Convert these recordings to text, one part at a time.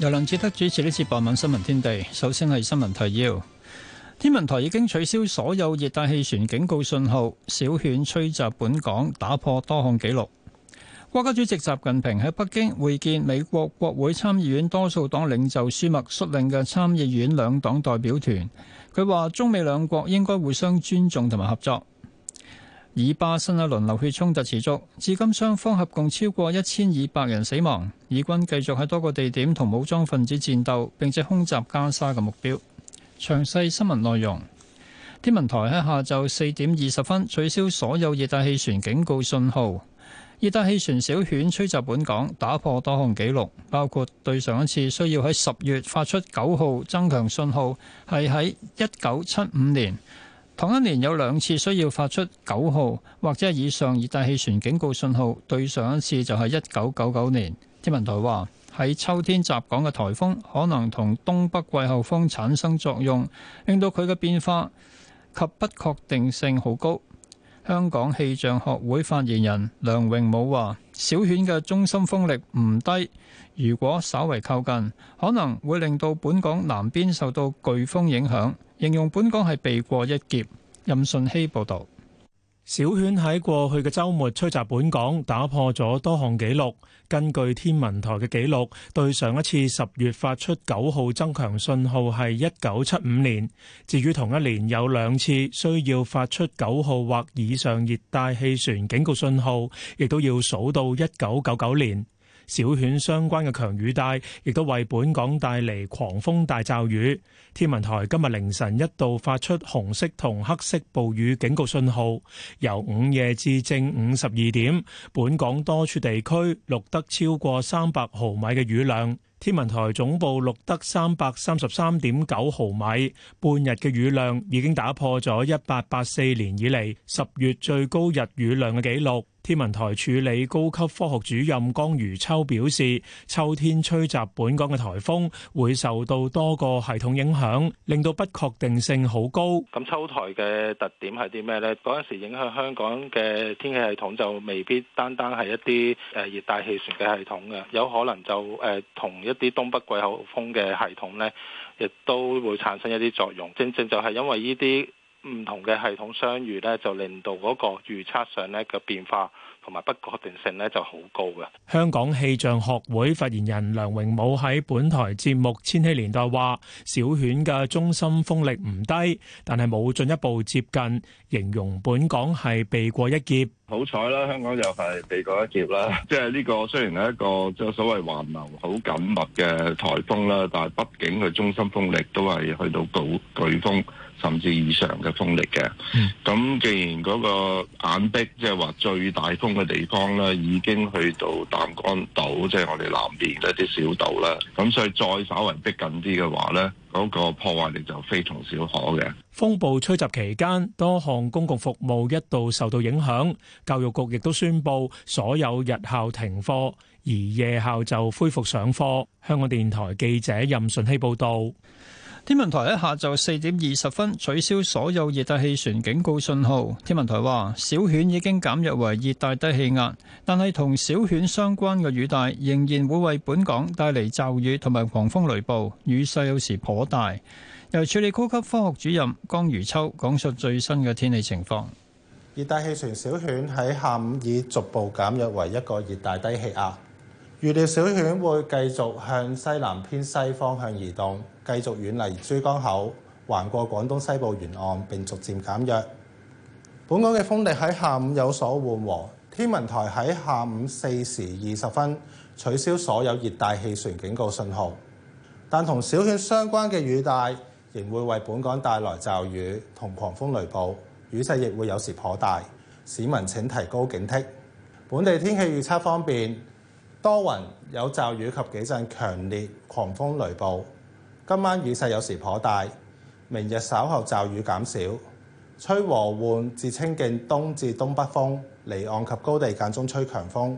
由梁志德主持呢次傍晚新聞天地。首先係新聞提要。天文台已經取消所有熱帶氣旋警告信號，小犬吹襲本港，打破多項紀錄。國家主席習近平喺北京會見美國國會參議院多數黨領袖舒默率領嘅參議院兩黨代表團。佢話中美兩國應該互相尊重同埋合作。以巴新一輪流血衝突持續，至今雙方合共超過一千二百人死亡。以軍繼續喺多個地點同武裝分子戰鬥，並且空襲加沙嘅目標。詳細新聞內容。天文台喺下晝四點二十分取消所有熱帶氣旋警告信號。熱帶氣旋小犬吹襲本港，打破多項紀錄，包括對上一次需要喺十月發出九號增強信號，係喺一九七五年。同一年有兩次需要發出九號或者以上熱帶氣旋警告信號，對上一次就係一九九九年。天文台話喺秋天襲港嘅颱風可能同東北季候風產生作用，令到佢嘅變化及不確定性好高。香港氣象學會發言人梁榮武話：小犬嘅中心風力唔低，如果稍為靠近，可能會令到本港南邊受到颶風影響。形容本港係避過一劫。任信希報道，小犬喺過去嘅周末吹襲本港，打破咗多項紀錄。根據天文台嘅記錄，對上一次十月發出九號增強信號係一九七五年。至於同一年有兩次需要發出九號或以上熱帶氣旋警告信號，亦都要數到一九九九年。小犬相關嘅強雨帶，亦都為本港帶嚟狂風大驟雨。天文台今日凌晨一度發出紅色同黑色暴雨警告信號，由午夜至正午十二點，本港多處地區錄得超過三百毫米嘅雨量。天文台總部錄得三百三十三點九毫米，半日嘅雨量已經打破咗一八八四年以嚟十月最高日雨量嘅記錄。天文台署理高級科學主任江如秋表示，秋天吹襲本港嘅颱風會受到多個系統影響，令到不確定性好高。咁秋台嘅特點係啲咩呢？嗰陣時影響香港嘅天氣系統就未必單單係一啲誒熱帶氣旋嘅系統嘅，有可能就誒同一啲東北季候風嘅系統呢，亦都會產生一啲作用。正正就係因為呢啲。唔同嘅系統相遇呢，就令到嗰個預測上呢嘅變化同埋不確定性呢就好高嘅。香港氣象學會發言人梁榮武喺本台節目《千禧年代》話：小犬嘅中心風力唔低，但係冇進一步接近，形容本港係避過一劫。好彩啦，香港又係避過一劫啦。即係呢個雖然係一個即係所謂環流好緊密嘅颱風啦，但係畢竟佢中心風力都係去到高颶風。甚至以上嘅風力嘅，咁既然嗰個眼壁即係話最大風嘅地方呢，已經去到擔桿島，即係我哋南邊一啲小島啦，咁所以再稍微逼近啲嘅話呢，嗰個破壞力就非同小可嘅。風暴吹襲期間，多項公共服務一度受到影響，教育局亦都宣布所有日校停課，而夜校就恢復上課。香港電台記者任順希報道。天文台喺下晝四點二十分取消所有熱帶氣旋警告信號。天文台話，小犬已經減弱為熱帶低氣壓，但係同小犬相關嘅雨帶仍然會為本港帶嚟驟雨同埋狂風雷暴，雨勢有時頗大。由處理高級科學主任江如秋講述最新嘅天氣情況。熱帶氣旋小犬喺下午已逐步減弱為一個熱帶低氣壓。預料小犬會繼續向西南偏西方向移動，繼續遠離珠江口，橫過廣東西部沿岸，並逐漸減弱。本港嘅風力喺下午有所緩和，天文台喺下午四時二十分取消所有熱帶氣旋警告信號，但同小犬相關嘅雨帶仍會為本港帶來驟雨同狂風雷暴，雨勢亦會有時頗大，市民請提高警惕。本地天氣預測方面。多雲，有驟雨及幾陣強烈狂風雷暴。今晚雨勢有時頗大，明日稍後驟雨減少。吹和緩至清勁，東至東北風，離岸及高地間中吹強風，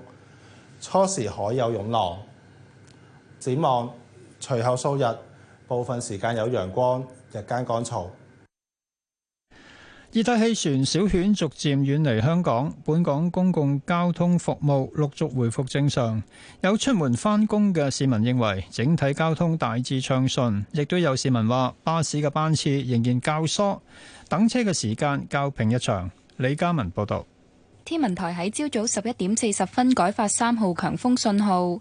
初時海有湧浪。展望隨後數日，部分時間有陽光，日間乾燥。熱帶氣旋小犬逐漸遠離香港，本港公共交通服務陸續回復正常。有出門返工嘅市民認為整體交通大致暢順，亦都有市民話巴士嘅班次仍然較疏，等車嘅時間較平日長。李嘉文報道。天文台喺朝早十一點四十分改發三號強風信號。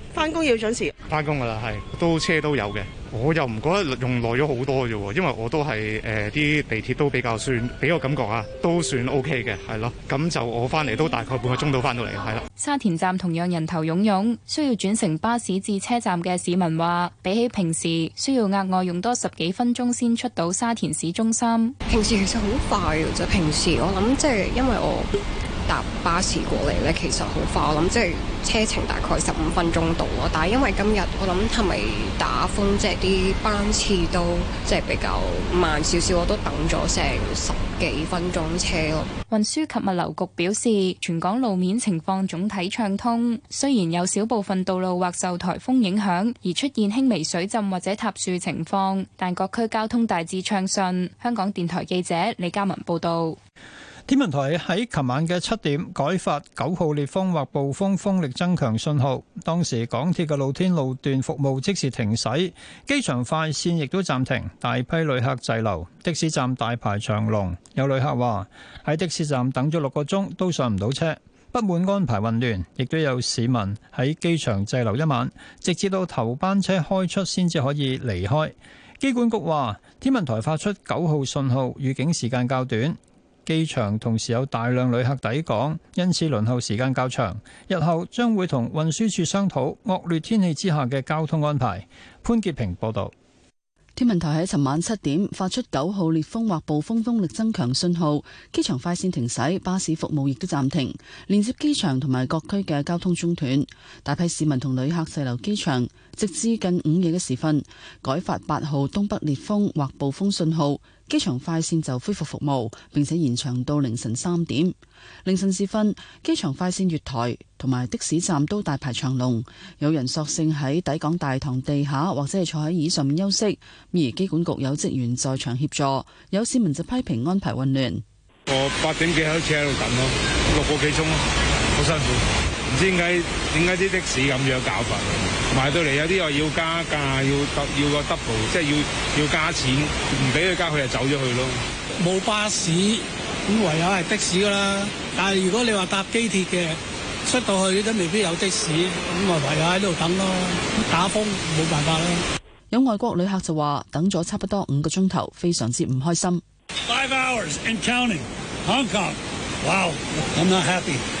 翻工要準時，翻工噶啦，係都車都有嘅。我又唔覺得用耐咗好多啫喎，因為我都係誒啲地鐵都比較算，俾我感覺啊，都算 OK 嘅，係咯。咁就我翻嚟都大概半個鐘到翻到嚟，係啦。沙田站同樣人頭湧湧，需要轉乘巴士至車站嘅市民話，比起平時需要額外用多十幾分鐘先出到沙田市中心。平時其實好快。就平時我諗即係因為我。搭巴士過嚟呢，其實好快，我諗即係車程大概十五分鐘到咯。但係因為今日我諗係咪打風，即係啲班次都即係比較慢少少，我都等咗成十幾分鐘車咯。運輸及物流局表示，全港路面情況總體暢通，雖然有小部分道路或受颱風影響而出現輕微水浸或者塌樹情況，但各區交通大致暢順。香港電台記者李嘉文報道。天文台喺琴晚嘅七點改發九號烈風或暴風風力增強信號，當時港鐵嘅露天路段服務即時停駛，機場快線亦都暫停，大批旅客滯留，的士站大排長龍。有旅客話喺的士站等咗六個鐘都上唔到車，不滿安排混亂，亦都有市民喺機場滯留一晚，直至到頭班車開出先至可以離開。機管局話，天文台發出九號信號，預警時間較短。機場同時有大量旅客抵港，因此輪候時間較長。日後將會同運輸署商討惡劣天氣之下嘅交通安排。潘潔平報道。天文台喺尋晚七點發出九號烈風或暴風風力增強信號，機場快綫停駛，巴士服務亦都暫停，連接機場同埋各區嘅交通中斷，大批市民同旅客滯留機場，直至近午夜嘅時分，改發八號東北烈風或暴風信號。機場快線就恢復服務，並且延長到凌晨三點。凌晨時分，機場快線月台同埋的士站都大排長龍，有人索性喺抵港大堂地下或者係坐喺椅上面休息，而機管局有職員在場協助。有市民就批評安排混亂。我八點幾開始喺度等咯，六個幾鐘咯，啊，好辛苦。唔知點解點解啲的士咁樣搞法，埋到嚟有啲話要加價，要要個 double，即係要要加錢，唔俾佢加佢就走咗去咯。冇巴士，咁唯有係的士㗎啦。但係如果你話搭機鐵嘅出到去都未必有的士，咁啊唯有喺度等咯。打風冇辦法啦。有外國旅客就話等咗差不多五個鐘頭，非常之唔開心。5 hours and counting, Hong Kong. Wow, I'm not happy.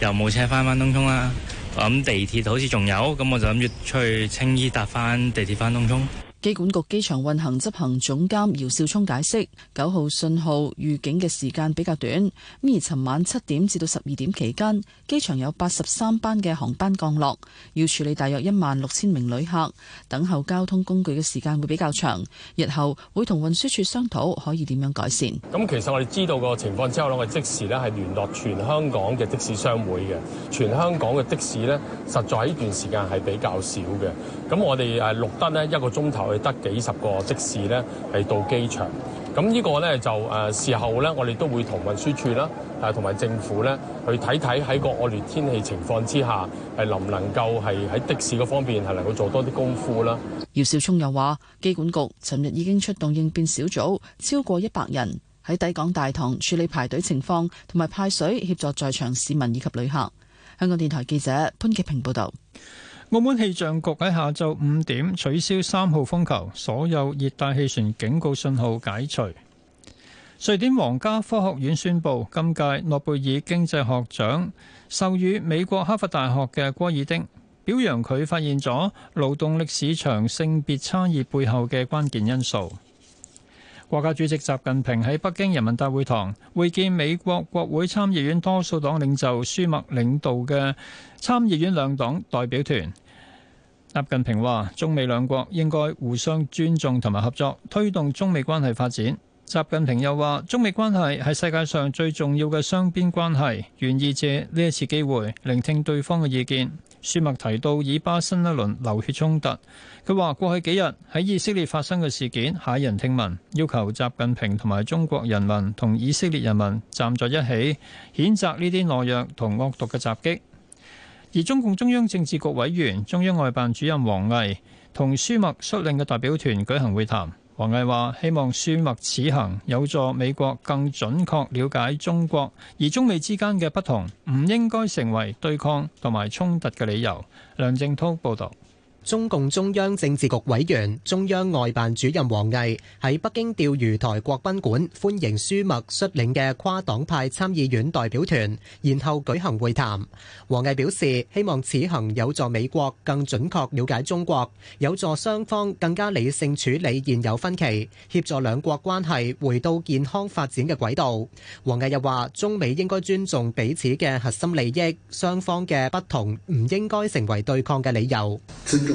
又冇車返返東涌啦，咁地鐵好似仲有，咁我就諗住出去青衣搭返地鐵返東涌。機管局機場運行執行總監姚兆聰解釋：九號信號預警嘅時間比較短，咁而尋晚七點至到十二點期間，機場有八十三班嘅航班降落，要處理大約一萬六千名旅客，等候交通工具嘅時間會比較長。日後會同運輸署商討可以點樣改善。咁其實我哋知道個情況之後咧，我即時咧係聯絡全香港嘅的士商會嘅，全香港嘅的，的士呢，實在呢段時間係比較少嘅。咁我哋誒錄得呢一個鐘頭。佢得幾十個的士呢，係到機場。咁、這、呢個呢，就誒事後呢，我哋都會同運輸處啦，誒同埋政府呢，去睇睇喺個惡劣天氣情況之下，係能唔能夠係喺的士嗰方面係能夠做多啲功夫啦。姚少聰又話：機管局尋日已經出動應變小組，超過一百人喺抵港大堂處理排隊情況，同埋派水協助在場市民以及旅客。香港電台記者潘潔平報道。澳門氣象局喺下晝五點取消三號風球，所有熱帶氣旋警告信號解除。瑞典皇家科學院宣布，今屆諾貝爾經濟學獎授予美國哈佛大學嘅戈爾丁，表揚佢發現咗勞動力市場性別差異背後嘅關鍵因素。國家主席習近平喺北京人民大會堂會見美國國會參議院多數黨領袖舒默領導嘅參議院兩黨代表團。習近平話：中美兩國應該互相尊重同埋合作，推動中美關係發展。習近平又話：中美關係係世界上最重要嘅雙邊關係，願意借呢一次機會聆聽對方嘅意見。舒默提到以巴新一輪流血衝突，佢話過去幾日喺以色列發生嘅事件駭人聽聞，要求習近平同埋中國人民同以色列人民站在一起，譴責呢啲懦弱同惡毒嘅襲擊，而中共中央政治局委員、中央外辦主任王毅同舒默率領嘅代表團舉行會談。王毅話：希望舒默此行有助美國更準確了解中國，而中美之間嘅不同唔應該成為對抗同埋衝突嘅理由。梁正滔報導。中共中央政治局委員、中央外辦主任王毅喺北京釣魚台國賓館歡迎舒默率領嘅跨黨派參議院代表團，然後舉行會談。王毅表示希望此行有助美國更準確瞭解中國，有助雙方更加理性處理現有分歧，協助兩國關係回到健康發展嘅軌道。王毅又話：中美應該尊重彼此嘅核心利益，雙方嘅不同唔應該成為對抗嘅理由。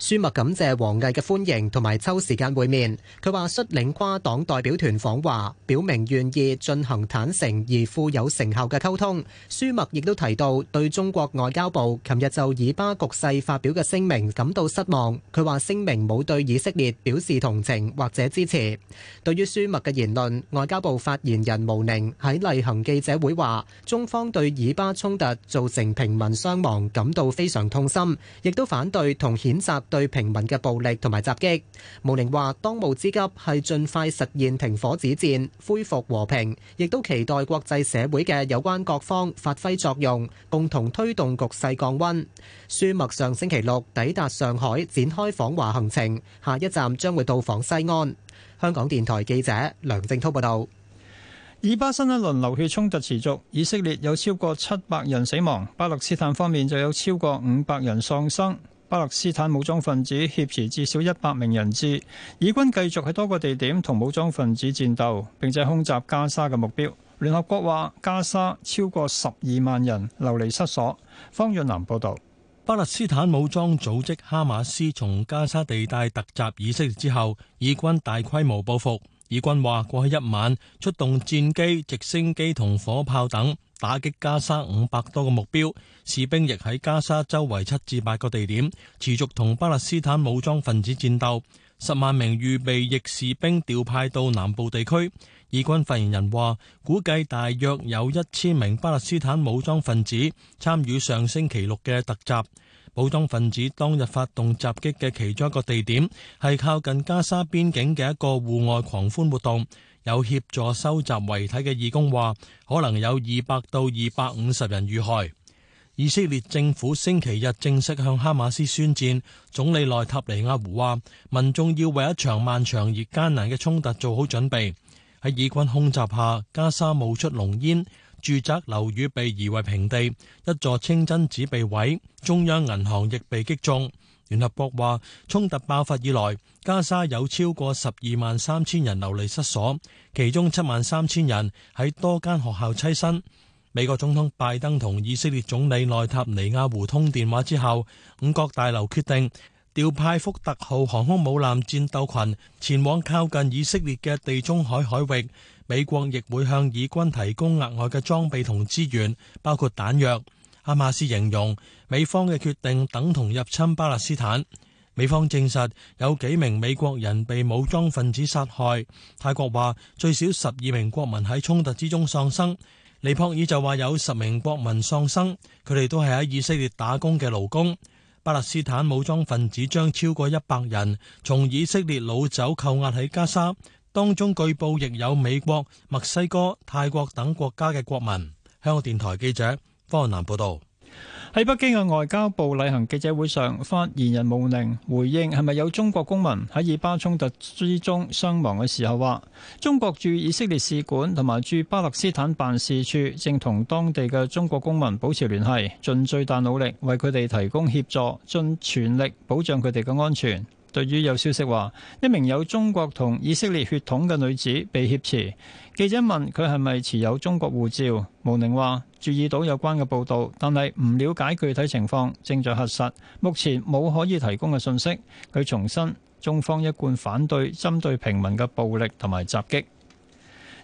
舒默感謝王毅嘅歡迎同埋抽時間會面。佢話率領跨黨代表團訪華，表明願意進行坦誠而富有成效嘅溝通。舒默亦都提到對中國外交部琴日就以巴局勢發表嘅聲明感到失望。佢話聲明冇對以色列表示同情或者支持。對於舒默嘅言論，外交部發言人毛寧喺例行記者會話：中方對以巴衝突造成平民傷亡感到非常痛心，亦都反對同譴責。對平民嘅暴力同埋襲擊，毛寧話：當務之急係盡快實現停火止戰，恢復和平，亦都期待國際社會嘅有關各方發揮作用，共同推動局勢降溫。舒默上星期六抵達上海，展開訪華行程，下一站將會到訪西安。香港電台記者梁正滔報導。以巴新一輪流血衝突持續，以色列有超過七百人死亡，巴勒斯坦方面就有超過五百人喪生。巴勒斯坦武裝分子挾持至少一百名人質，以軍繼續喺多個地點同武裝分子戰鬥，並且空襲加沙嘅目標。聯合國話，加沙超過十二萬人流離失所。方潤南報道。巴勒斯坦武裝組織哈馬斯從加沙地帶突襲以色列之後，以軍大規模報復，以軍話過去一晚出動戰機、直升機同火炮等。打擊加沙五百多個目標，士兵亦喺加沙周圍七至八個地點持續同巴勒斯坦武裝分子戰鬥。十萬名預備役士兵調派到南部地區。以軍發言人話，估計大約有一千名巴勒斯坦武裝分子參與上星期六嘅突襲。武裝分子當日發動襲擊嘅其中一個地點係靠近加沙邊境嘅一個戶外狂歡活動。有協助收集遺體嘅義工話，可能有二百到二百五十人遇害。以色列政府星期日正式向哈馬斯宣戰。總理內塔尼亞胡話：民眾要為一場漫長而艱難嘅衝突做好準備。喺以軍空襲下，加沙冒出濃煙，住宅樓宇被夷為平地，一座清真寺被毀，中央銀行亦被擊中。聯合國話，衝突爆發以來，加沙有超過十二萬三千人流離失所，其中七萬三千人喺多間學校棲身。美國總統拜登同以色列總理內塔尼亞胡通電話之後，五角大樓決定調派福特號航空母艦戰鬥群前往靠近以色列嘅地中海海域，美國亦會向以軍提供額外嘅裝備同資源，包括彈藥。哈馬斯形容，美方嘅決定等同入侵巴勒斯坦。美方證實有幾名美國人被武裝分子殺害。泰國話最少十二名國民喺衝突之中喪生。尼泊爾就話有十名國民喪生，佢哋都係喺以色列打工嘅勞工。巴勒斯坦武裝分子將超過一百人從以色列擄走扣押喺加沙，當中據報亦有美國、墨西哥、泰國等國家嘅國民。香港電台記者方雲南報道。喺北京嘅外交部例行記者會上，發言人毛寧回應係咪有中國公民喺以巴衝突之中傷亡嘅時候，啊，話中國駐以色列使館同埋駐巴勒斯坦辦事處正同當地嘅中國公民保持聯繫，盡最大努力為佢哋提供協助，盡全力保障佢哋嘅安全。對於有消息話一名有中國同以色列血統嘅女子被挾持，記者問佢係咪持有中國護照，毛寧話。注意到有關嘅報導，但係唔了解具體情況，正在核實。目前冇可以提供嘅信息。佢重申，中方一貫反對針對平民嘅暴力同埋襲擊。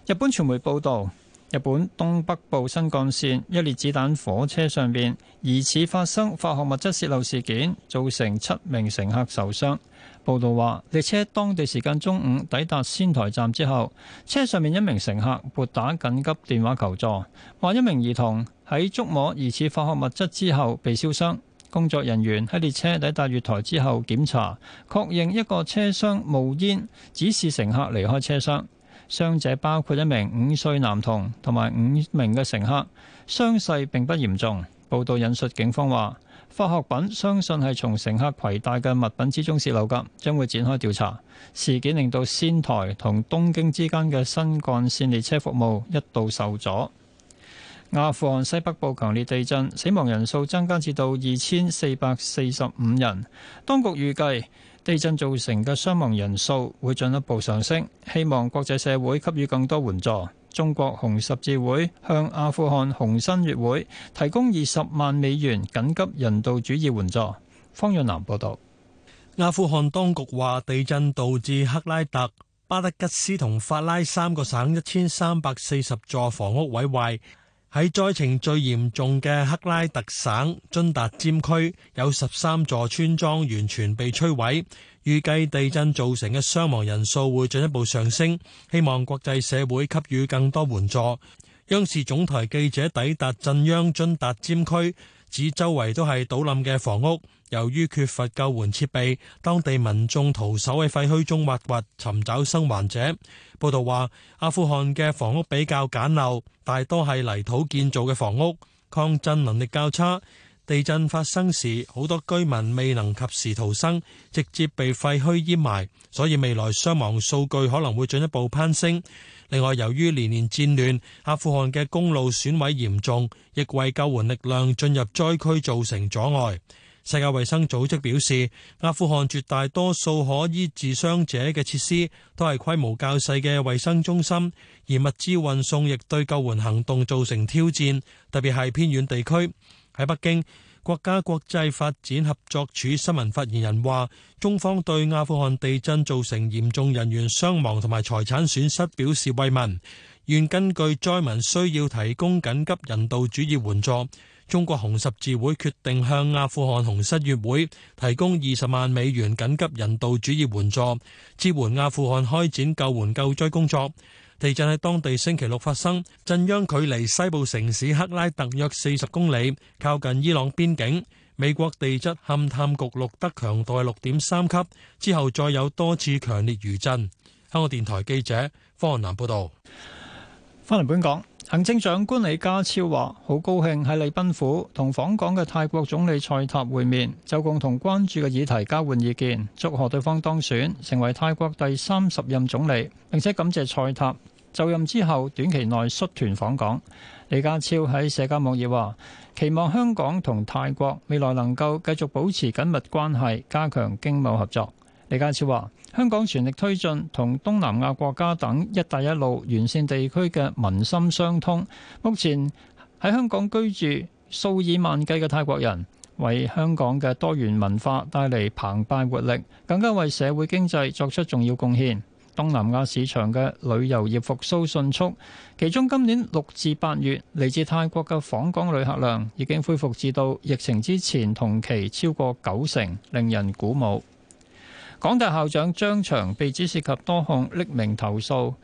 日本傳媒報導，日本東北部新幹線一列子彈火車上邊疑似發生化學物質泄漏事件，造成七名乘客受傷。報道話，列車當地時間中午抵達仙台站之後，車上面一名乘客撥打緊急電話求助，話一名兒童喺觸摸疑似化學物質之後被燒傷。工作人員喺列車抵達月台之後檢查，確認一個車廂冒煙，指示乘客離開車廂。傷者包括一名五歲男童同埋五名嘅乘客，傷勢並不嚴重。報道引述警方話：化學品相信係從乘客攜帶嘅物品之中洩漏噶，將會展開調查。事件令到仙台同東京之間嘅新幹綫列車服務一度受阻。阿富汗西北部強烈地震，死亡人數增加至到二千四百四十五人。當局預計地震造成嘅傷亡人數會進一步上升，希望國際社會給予更多援助。中國紅十字會向阿富汗紅新月會提供二十萬美元緊急人道主義援助。方潤南報道。阿富汗當局話，地震導致赫拉特、巴德吉斯同法拉三個省一千三百四十座房屋毀壞。喺災情最嚴重嘅赫拉特省津達尖區，有十三座村莊完全被摧毀。預計地震造成嘅傷亡人數會進一步上升，希望國際社會給予更多援助。央視總台記者抵達震央津達尖區，指周圍都係倒冧嘅房屋，由於缺乏救援設備，當地民眾徒手喺廢墟中挖掘，尋找生還者。報導話，阿富汗嘅房屋比較簡陋，大多係泥土建造嘅房屋，抗震能力較差。地震發生時，好多居民未能及時逃生，直接被廢墟淹埋，所以未來傷亡數據可能會進一步攀升。另外，由於年年戰亂，阿富汗嘅公路損毀嚴重，亦為救援力量進入災區造成阻礙。世界衛生組織表示，阿富汗絕大多數可醫治傷者嘅設施都係規模較細嘅衛生中心，而物資運送亦對救援行動造成挑戰，特別係偏遠地區。喺北京，國家國際發展合作署新聞發言人話：中方對阿富汗地震造成嚴重人員傷亡同埋財產損失表示慰問，願根據災民需要提供緊急人道主義援助。中國紅十字會決定向阿富汗紅十字會提供二十萬美元緊急人道主義援助，支援阿富汗開展救援救災工作。地震喺當地星期六發生，震央距離西部城市克拉特約四十公里，靠近伊朗邊境。美國地質勘探局錄得強度係六點三級，之後再有多次強烈餘震。香港電台記者方翰林報道。翻嚟本港。行政長官李家超話好高興喺禮賓府同訪港嘅泰國總理蔡塔會面，就共同關注嘅議題交換意見，祝賀對方當選成為泰國第三十任總理，並且感謝蔡塔就任之後短期內率團訪港。李家超喺社交網頁話，期望香港同泰國未來能夠繼續保持緊密關係，加強經貿合作。李家超話：香港全力推進同東南亞國家等「一帶一路」沿線地區嘅民心相通。目前喺香港居住數以萬計嘅泰國人，為香港嘅多元文化帶嚟澎湃活力，更加為社會經濟作出重要貢獻。東南亞市場嘅旅遊業復甦迅速，其中今年六至八月嚟自泰國嘅訪港旅客量已經恢復至到疫情之前同期超過九成，令人鼓舞。港大校長張翔被指涉及多項匿名投訴，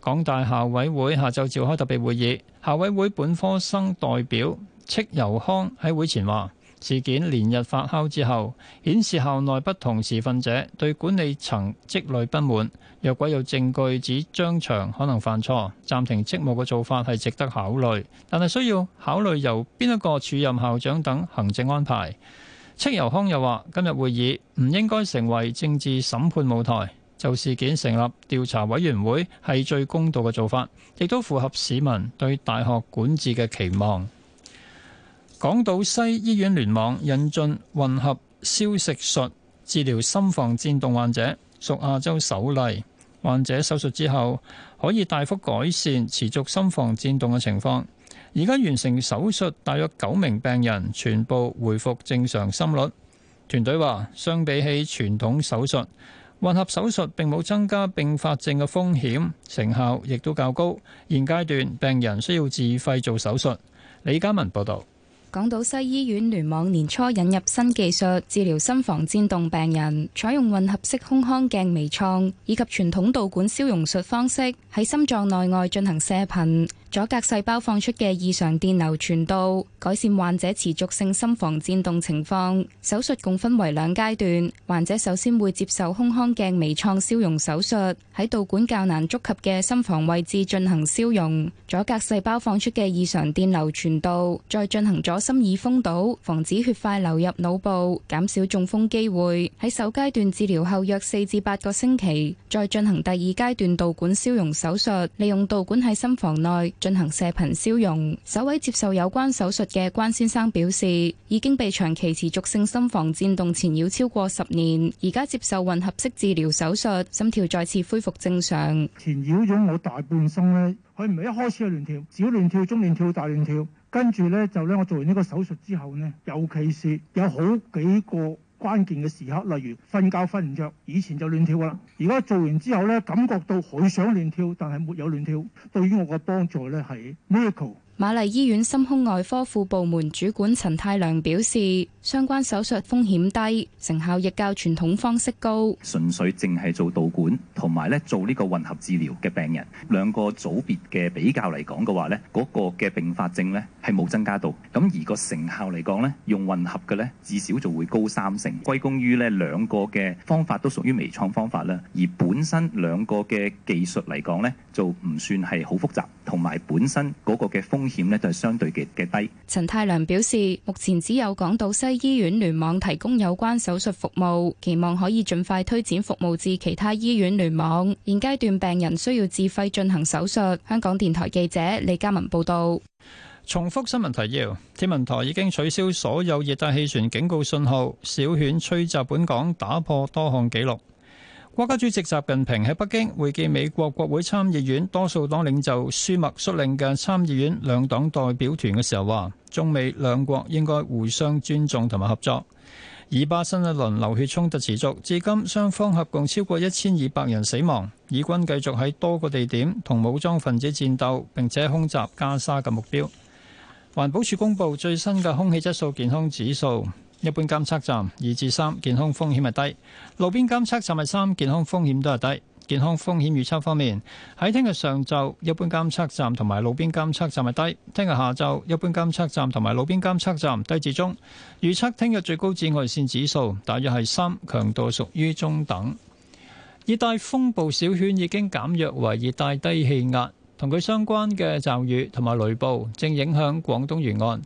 港大校委會下晝召開特別會議。校委會本科生代表戚尤康喺會前話：事件連日發酵之後，顯示校內不同持份者對管理層積累不滿。若果有證據指張翔可能犯錯，暫停職務嘅做法係值得考慮，但係需要考慮由邊一個署任校長等行政安排。戚友康又話：今日會議唔應該成為政治審判舞台，就事件成立調查委員會係最公道嘅做法，亦都符合市民對大學管治嘅期望。港島西醫院聯網引進混合消融術治療心房顫動患者，屬亞洲首例。患者手術之後可以大幅改善持續心房顫動嘅情況。而家完成手術，大約九名病人全部恢復正常心率。團隊話，相比起傳統手術，混合手術並冇增加併發症嘅風險，成效亦都較高。現階段病人需要自費做手術。李嘉文報導，港島西醫院聯網年初引入新技術治療心房顫動病人，採用混合式胸腔鏡微創以及傳統導管消融術方式，喺心臟內外進行射頻。阻隔細胞放出嘅異常電流傳導，改善患者持續性心房顫動情況。手術共分為兩階段，患者首先會接受胸腔鏡微創消融手術，喺導管較難觸及嘅心房位置進行消融。阻隔細胞放出嘅異常電流傳導，再進行左心耳封堵，防止血塊流入腦部，減少中風機會。喺首階段治療後約四至八個星期，再進行第二階段導管消融手術，利用導管喺心房內。進行射頻消融。首位接受有關手術嘅關先生表示，已經被長期持續性心房顫動纏繞超過十年，而家接受混合式治療手術，心跳再次恢復正常。纏繞咗我大半生呢，佢唔係一開始就亂跳，小亂跳、中亂跳、大亂跳，跟住呢，就呢，我做完呢個手術之後呢，尤其是有好幾個關鍵嘅時刻，例如瞓覺瞓唔着，以前就亂跳啦。而家做完之後呢，感覺到佢想亂跳，但係沒有亂跳。對於我嘅幫助呢，係 miracle。瑪麗醫院心胸外科副部門主管陳泰良表示，相關手術風險低，成效亦較傳統方式高。純粹淨係做導管，同埋咧做呢個混合治療嘅病人，兩個組別嘅比較嚟講嘅話呢，嗰個嘅併發症呢係冇增加到。咁而個成效嚟講呢，用混合嘅呢至少就會高三成。歸功於呢兩個嘅方法都屬於微創方法啦，而本身兩個嘅技術嚟講呢就唔算係好複雜，同埋本身嗰個嘅風。風險呢就係相對嘅嘅低。陳太良表示，目前只有港島西醫院聯網提供有關手術服務，期望可以盡快推展服務至其他醫院聯網。現階段病人需要自費進行手術。香港電台記者李嘉文報道。重複新聞提要：天文台已經取消所有熱帶氣旋警告信號，小犬吹襲本港，打破多項紀錄。國家主席習近平喺北京會見美國國會參議院多數黨領袖舒默率領嘅參議院兩黨代表團嘅時候話，中美兩國應該互相尊重同埋合作。以巴新一輪流血衝突持續至今，雙方合共超過一千二百人死亡，以軍繼續喺多個地點同武裝分子戰鬥，並且空襲加沙嘅目標。環保署公布最新嘅空氣質素健康指數。一般監測站二至三，健康風險係低；路邊監測站係三，健康風險都係低。健康風險預測方面，喺聽日上晝一般監測站同埋路邊監測站係低；聽日下晝一般監測站同埋路邊監測站低至中。預測聽日最高紫外線指數大約係三，強度屬於中等。熱帶風暴小犬已經減弱為熱帶低氣壓，同佢相關嘅驟雨同埋雷暴正影響廣東沿岸。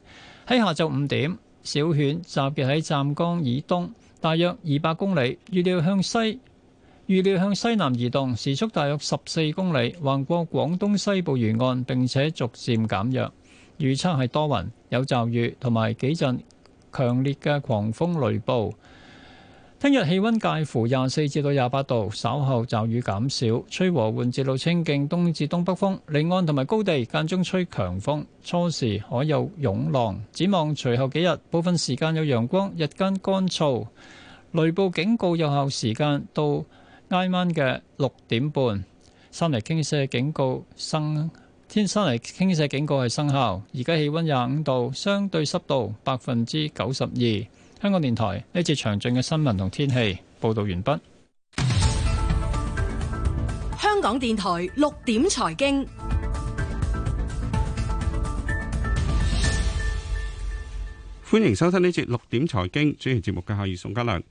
喺下晝五點，小犬集結喺湛江以東大約二百公里，預料向西，預料向西南移動時速大約十四公里，橫過廣東西部沿岸，並且逐漸減弱。預測係多雲，有驟雨同埋幾陣強烈嘅狂風雷暴。聽日氣温介乎廿四至到廿八度，稍後驟雨減少，吹和緩至到清勁東至東北風，離岸同埋高地間中吹強風，初時可有湧浪。展望隨後幾日，部分時間有陽光，日間乾燥。雷暴警告有效時間到挨晚嘅六點半。山泥傾瀉警告生，天山泥傾瀉警告係生效。而家氣温廿五度，相對濕度百分之九十二。香港電台呢節詳盡嘅新聞同天氣報道完畢。香港電台六點財經，歡迎收聽呢節六點財經。主持節目嘅係宋家良。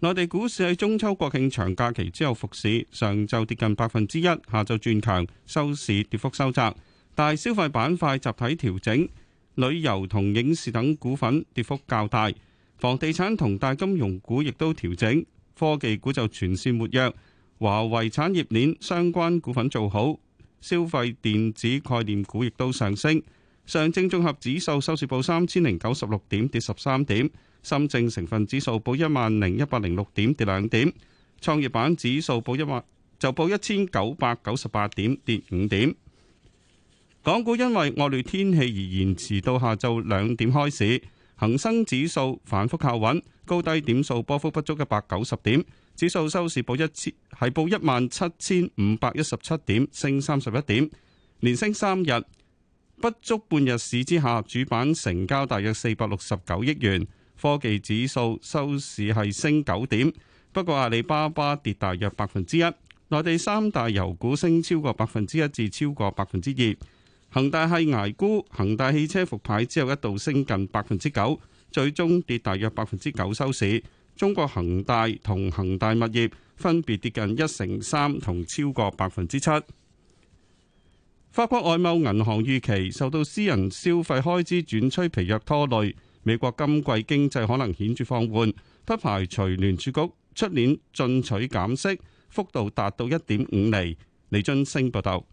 內地股市喺中秋國慶長假期之後復市，上晝跌近百分之一，下晝轉強，收市跌幅收窄。大消費板塊集體調整，旅遊同影視等股份跌幅較大。房地產同大金融股亦都調整，科技股就全線活躍，華為產業鏈相關股份做好，消費電子概念股亦都上升。上證綜合指數收市報三千零九十六點，跌十三點；深證成分指數報一萬零一百零六點，跌兩點；創業板指數報一萬就報一千九百九十八點，跌五點。港股因為惡劣天氣而延遲到下晝兩點開始。恒生指數反覆靠穩，高低點數波幅不足一百九十點，指數收市報一係報一萬七千五百一十七點，升三十一點，連升三日。不足半日市之下，主板成交大約四百六十九億元。科技指數收市係升九點，不過阿里巴巴跌大約百分之一。內地三大油股升超過百分之一至超過百分之二。恒大係挨沽，恒大汽車復牌之後一度升近百分之九，最終跌大約百分之九收市。中國恒大同恒大物業分別跌近一成三同超過百分之七。法國外貿銀行預期受到私人消費開支轉趨疲弱拖累，美國今季經濟可能顯著放緩，不排除聯儲局出年進取減息幅度達到一點五厘。李津升報道。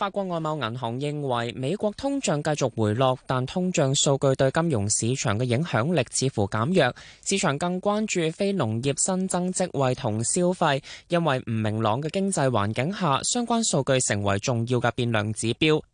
法國外貿銀行認為，美國通脹繼續回落，但通脹數據對金融市場嘅影響力似乎減弱。市場更關注非農業新增職位同消費，因為唔明朗嘅經濟環境下，相關數據成為重要嘅變量指標。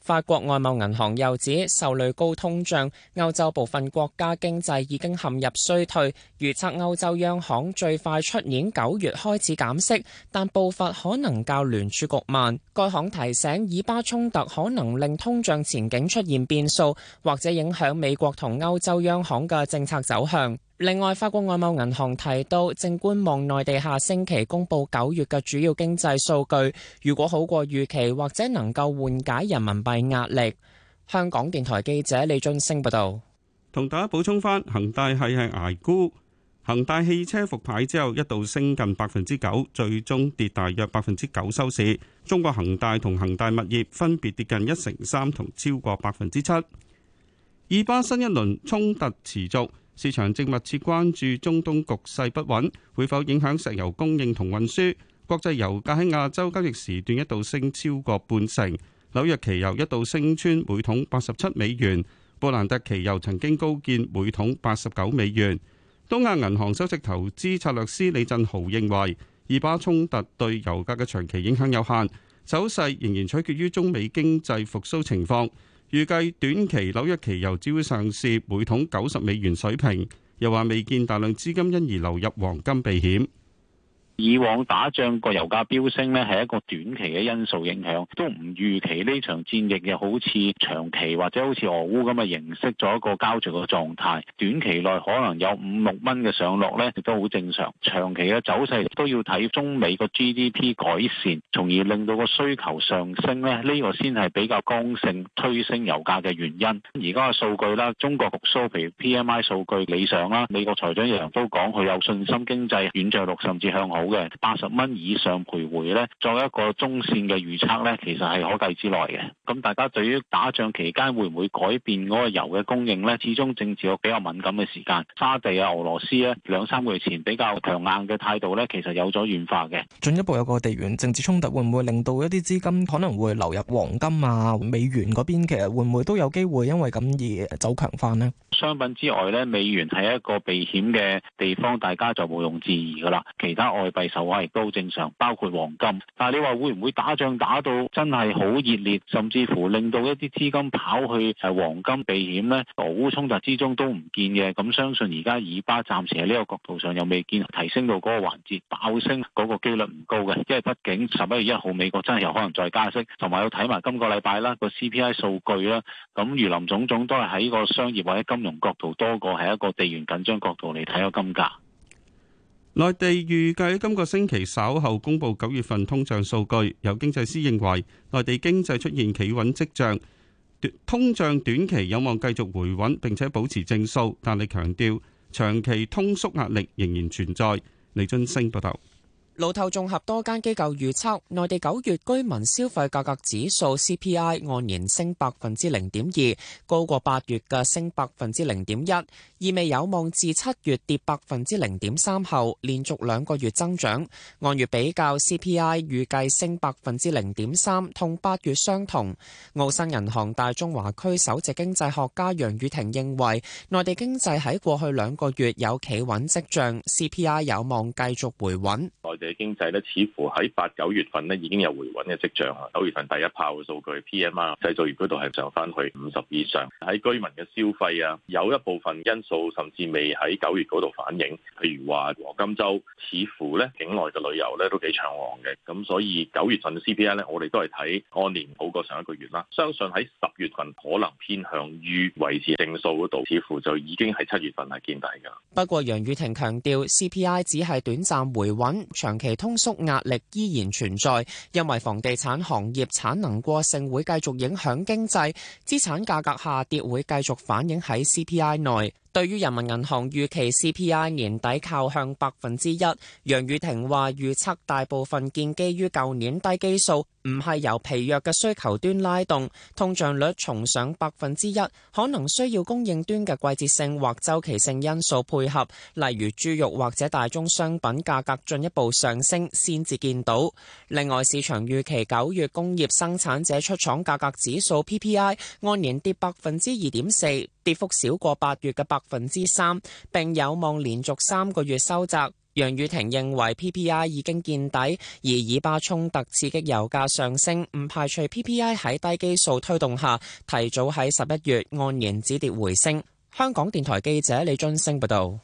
法國外貿銀行又指，受累高通脹，歐洲部分國家經濟已經陷入衰退，預測歐洲央行最快出年九月開始減息，但步伐可能較聯儲局慢。該行提醒，以巴衝突可能令通脹前景出現變數，或者影響美國同歐洲央行嘅政策走向。另外，法國外貿銀行提到，正觀望內地下星期公布九月嘅主要經濟數據，如果好過預期，或者能夠緩解人民幣壓力。香港電台記者李俊升報道，同大家補充返，恒大係係捱沽，恒大汽車復牌之後一度升近百分之九，最終跌大約百分之九收市。中國恒大同恒大物業分別跌近一成三同超過百分之七。以巴新一輪衝突持續。市場正密切關注中東局勢不穩，會否影響石油供應同運輸？國際油價喺亞洲交易時段一度升超過半成，紐約期油一度升穿每桶八十七美元，布蘭特期油曾經高見每桶八十九美元。東亞銀行首席投資策略師李振豪認為，以巴衝突對油價嘅長期影響有限，走勢仍然取決於中美經濟復甦情況。預計短期紐約期油只會上市每桶九十美元水平，又話未見大量資金因而流入黃金避險。以往打仗個油價飆升咧，係一個短期嘅因素影響，都唔預期呢場戰役嘅好似長期或者好似俄烏咁嘅形式，做一個膠著嘅狀態，短期內可能有五六蚊嘅上落咧，亦都好正常。長期嘅走勢都要睇中美個 GDP 改善，從而令到個需求上升咧，呢個先係比較剛性推升油價嘅原因。而家嘅數據啦，中國復甦譬如 P M I 數據理想啦，美國財長亦都講佢有信心經濟軟着陸甚至向好。八十蚊以上徘徊呢，作為一個中線嘅預測呢，其實係可計之內嘅。咁大家對於打仗期間會唔會改變嗰個油嘅供應呢？始終政治有比較敏感嘅時間，沙地啊、俄羅斯呢，兩三個月前比較強硬嘅態度呢，其實有咗軟化嘅。進一步有一個地緣政治衝突會唔會令到一啲資金可能會流入黃金啊、美元嗰邊？其實會唔會都有機會因為咁而走強翻呢？商品之外呢，美元係一個避險嘅地方，大家就毋庸置疑噶啦。其他外受惠亦都正常，包括黃金。但係你話會唔會打仗打到真係好熱烈，甚至乎令到一啲資金跑去係黃金避險呢？俄烏衝突之中都唔見嘅。咁相信而家以巴暫時喺呢個角度上又未見提升到嗰個環節爆升嗰個機率唔高嘅，因為畢竟十一月一號美國真係有可能再加息，同埋要睇埋今個禮拜啦個 CPI 數據啦。咁如林總總都係喺個商業或者金融角度多過係一個地緣緊張角度嚟睇個金價。內地預計今個星期稍後公布九月份通脹數據，有經濟師認為內地經濟出現企穩跡象，通脹短期有望繼續回穩，並且保持正數，但係強調長期通縮壓力仍然存在。李津升報道。路透綜合多間機構預測，內地九月居民消費價格指數 CPI 按年升百分之零點二，高過八月嘅升百分之零點一，意味有望自七月跌百分之零點三後，連續兩個月增長。按月比較 CPI 預計升百分之零點三，同八月相同。澳新銀行大中華區首席經濟學家楊宇婷認為，內地經濟喺過去兩個月有企穩迹象，CPI 有望繼續回穩。嘅經濟咧，似乎喺八九月份咧已經有回穩嘅跡象啦。九月份第一炮嘅數據 P.M.I. 製造業嗰度係上返去五十以上，喺居民嘅消費啊，有一部分因素甚至未喺九月嗰度反映。譬如話，黃金周似乎咧，境內嘅旅遊咧都幾暢旺嘅。咁所以九月份嘅 C.P.I. 咧，我哋都係睇按年好過上一個月啦。相信喺十月份可能偏向於維持正數嗰度，似乎就已經係七月份係見底噶。不過楊雨婷強調，C.P.I. 只係短暫回穩，長其通縮壓力依然存在，因為房地產行業產能過剩會繼續影響經濟，資產價格下跌會繼續反映喺 CPI 內。對於人民銀行預期 CPI 年底靠向百分之一，楊宇婷話預測大部分建基於舊年低基數，唔係由疲弱嘅需求端拉動。通脹率重上百分之一，可能需要供應端嘅季節性或周期性因素配合，例如豬肉或者大宗商品價格進一步上升先至見到。另外，市場預期九月工業生產者出廠價格指數 PPI 按年跌百分之二點四。跌幅少過八月嘅百分之三，並有望連續三個月收窄。楊雨婷認為 PPI 已經見底，而以巴衝突刺激油價上升，唔排除 PPI 喺低基數推動下提早喺十一月按年止跌回升。香港電台記者李津升報導。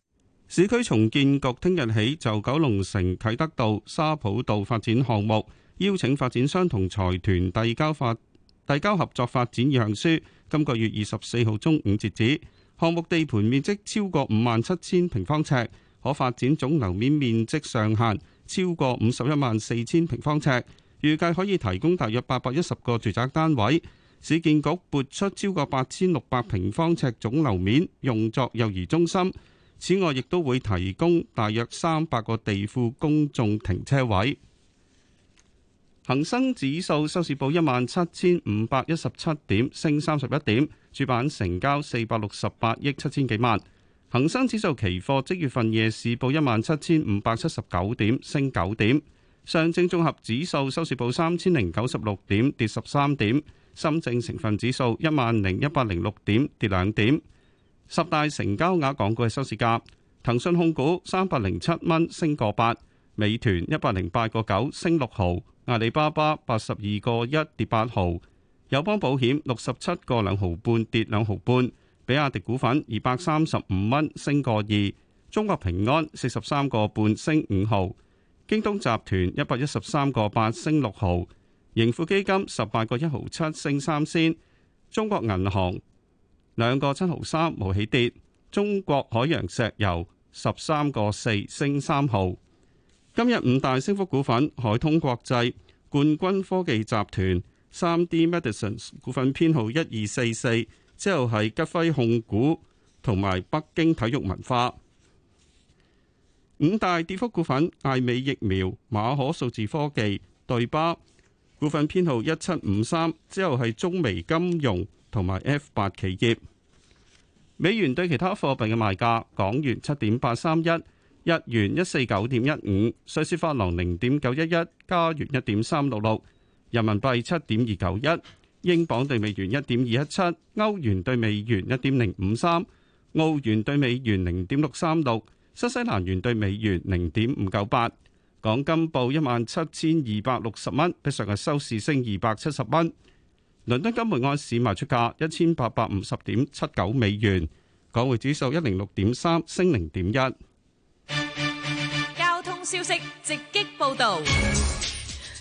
市區重建局聽日起就九龍城啟德道、沙浦道發展項目邀請發展商同財團遞交法。遞交合作發展意向書，今個月二十四號中午截止。項目地盤面積超過五萬七千平方尺，可發展總樓面面積上限超過五十一萬四千平方尺，預計可以提供大約八百一十個住宅單位。市建局撥出超過八千六百平方尺總樓面用作幼兒中心，此外亦都會提供大約三百個地庫公衆停車位。恒生指數收市報一萬七千五百一十七點，升三十一點。主板成交四百六十八億七千幾萬。恒生指數期貨即月份夜市報一萬七千五百七十九點，升九點。上證綜合指數收市報三千零九十六點，跌十三點。深證成分指數一萬零一百零六點，跌兩點。十大成交額港股嘅收市價：騰訊控股三百零七蚊，升個八；美團一百零八個九，升六毫。阿里巴巴八十二個一，跌八毫，友邦保險六十七個兩毫半，跌兩毫半，比亞迪股份二百三十五蚊升個二，中國平安四十三個半升五毫，京東集團一百一十三個八升六毫，盈富基金十八個一毫七升三仙，中國銀行兩個七毫三冇起跌，中國海洋石油十三個四升三毫。今日五大升幅股份：海通國際、冠軍科技集團、三 D Medicine 股份編號一二四四，之後係吉輝控股同埋北京體育文化。五大跌幅股份：艾美疫苗、馬可數字科技、對巴股份編號一七五三，之後係中微金融同埋 F 八企業。美元對其他貨幣嘅賣價：港元七點八三一。日元一四九點一五，瑞士法郎零點九一一，加元一點三六六，人民幣七點二九一，英鎊對美元一點二一七，歐元對美元一點零五三，澳元對美元零點六三六，新西蘭元對美元零點五九八。港金報一萬七千二百六十蚊，比上日收市升二百七十蚊。倫敦金每盎司賣出價一千八百五十點七九美元，港匯指數一零六點三升零點一。消息直擊報導。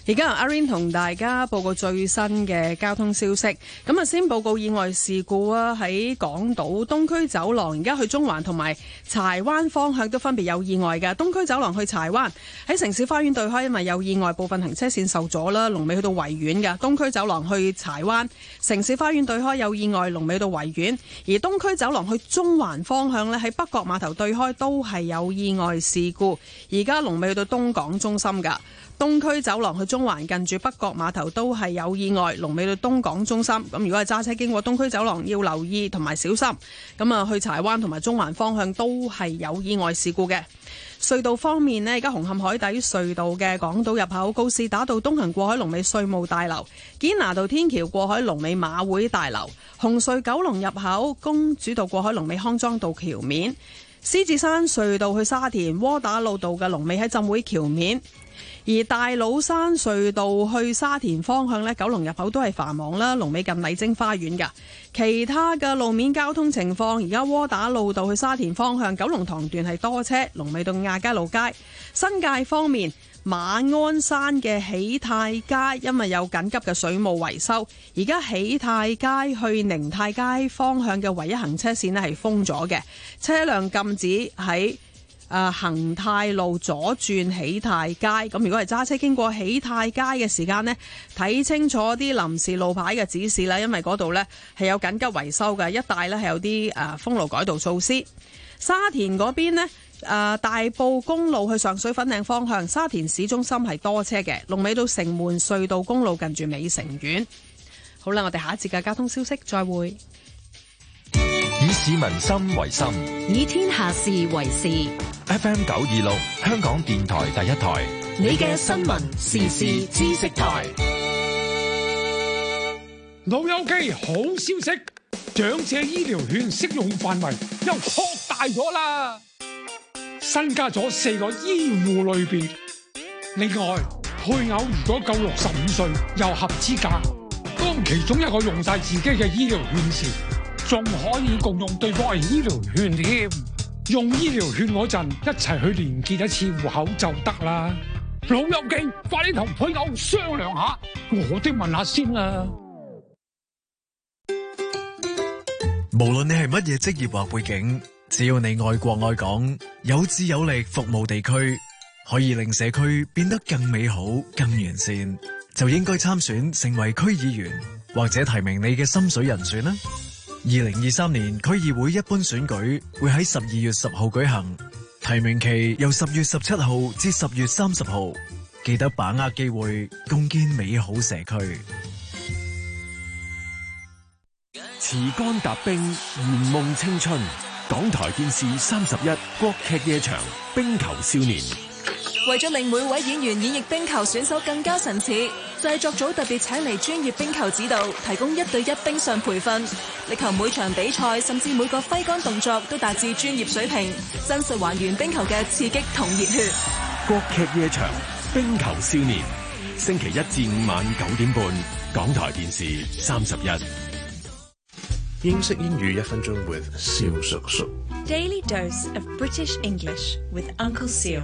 而家阿 r 阿琳同大家報告最新嘅交通消息。咁啊，先報告意外事故啊！喺港島東區走廊，而家去中環同埋柴灣方向都分別有意外嘅。東區走廊去柴灣，喺城市花園對開，因為有意外，部分行車線受阻啦。龍尾去到維園嘅。東區走廊去柴灣，城市花園對開有意外，龍尾去到維園。而東區走廊去中環方向呢，喺北角碼頭對開都係有意外事故。而家龍尾去到東港中心噶。東區走廊去中環近住北角碼頭都係有意外，龍尾到東港中心。咁如果係揸車經過東區走廊，要留意同埋小心。咁啊，去柴灣同埋中環方向都係有意外事故嘅。隧道方面呢，而家紅磡海底隧道嘅港島入口告士打道東行過海龍尾稅務大樓，堅拿道天橋過海龍尾馬會大樓，紅隧九龍入口公主道過海龍尾康莊道橋面，獅子山隧道去沙田窩打老道嘅龍尾喺浸會橋面。而大老山隧道去沙田方向咧，九龍入口都係繁忙啦，龍尾近麗晶花園噶。其他嘅路面交通情況，而家窩打路道去沙田方向，九龍塘段係多車，龍尾到亞皆老街。新界方面，馬鞍山嘅喜泰街因為有緊急嘅水務維修，而家喜泰街去寧泰街方向嘅唯一行車線咧係封咗嘅，車輛禁止喺。啊，恆泰路左轉喜泰街，咁如果係揸車經過喜泰街嘅時間咧，睇清楚啲臨時路牌嘅指示啦，因為嗰度咧係有緊急維修嘅一帶咧係有啲啊封路改道措施。沙田嗰邊咧啊，大埔公路去上水粉嶺方向，沙田市中心係多車嘅，龍尾到城門隧道公路近住美城苑。好啦，我哋下一節嘅交通消息再會。以市民心為心，以天下事為事。FM 九二六，香港電台第一台。你嘅新聞時事知識台。時時識台老友記好消息，長者醫療券適用範圍又擴大咗啦，新加咗四個醫護類別。另外，配偶如果夠六十五歲又合資格，當其中一個用晒自己嘅醫療券時，仲可以共用對方嘅醫療券添，用醫療券嗰陣一齊去連結一次戶口就得啦。老友記，快啲同配偶商量下，我先問下先啦，啊。無論你係乜嘢職業或背景，只要你愛國愛港，有志有力服務地區，可以令社區變得更美好，更完善，就應該參選成為區議員或者提名你嘅心水人選啦。二零二三年區議會一般選舉會喺十二月十號舉行，提名期由十月十七號至十月三十號，記得把握機會，共建美好社區。持竿踏冰，圓夢青春。港台電視三十一，國劇夜場，冰球少年。為咗令每位演員演繹冰球選手更加神似，製、就是、作組特別請嚟專業冰球指導，提供一對一冰上培訓，力求每場比賽甚至每個揮桿動作都達至專業水平，真實還原冰球嘅刺激同熱血。國劇夜場《冰球少年》，星期一至五晚九點半，港台電視三十一。英式英語一分鐘，with 肖叔叔。Daily dose of British English with Uncle Seal。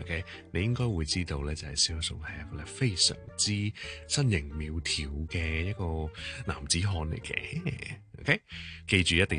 OK，你應該會知道咧，就係肖松係一個咧，非常之身形苗條嘅一個男子漢嚟嘅。OK，記住一定要。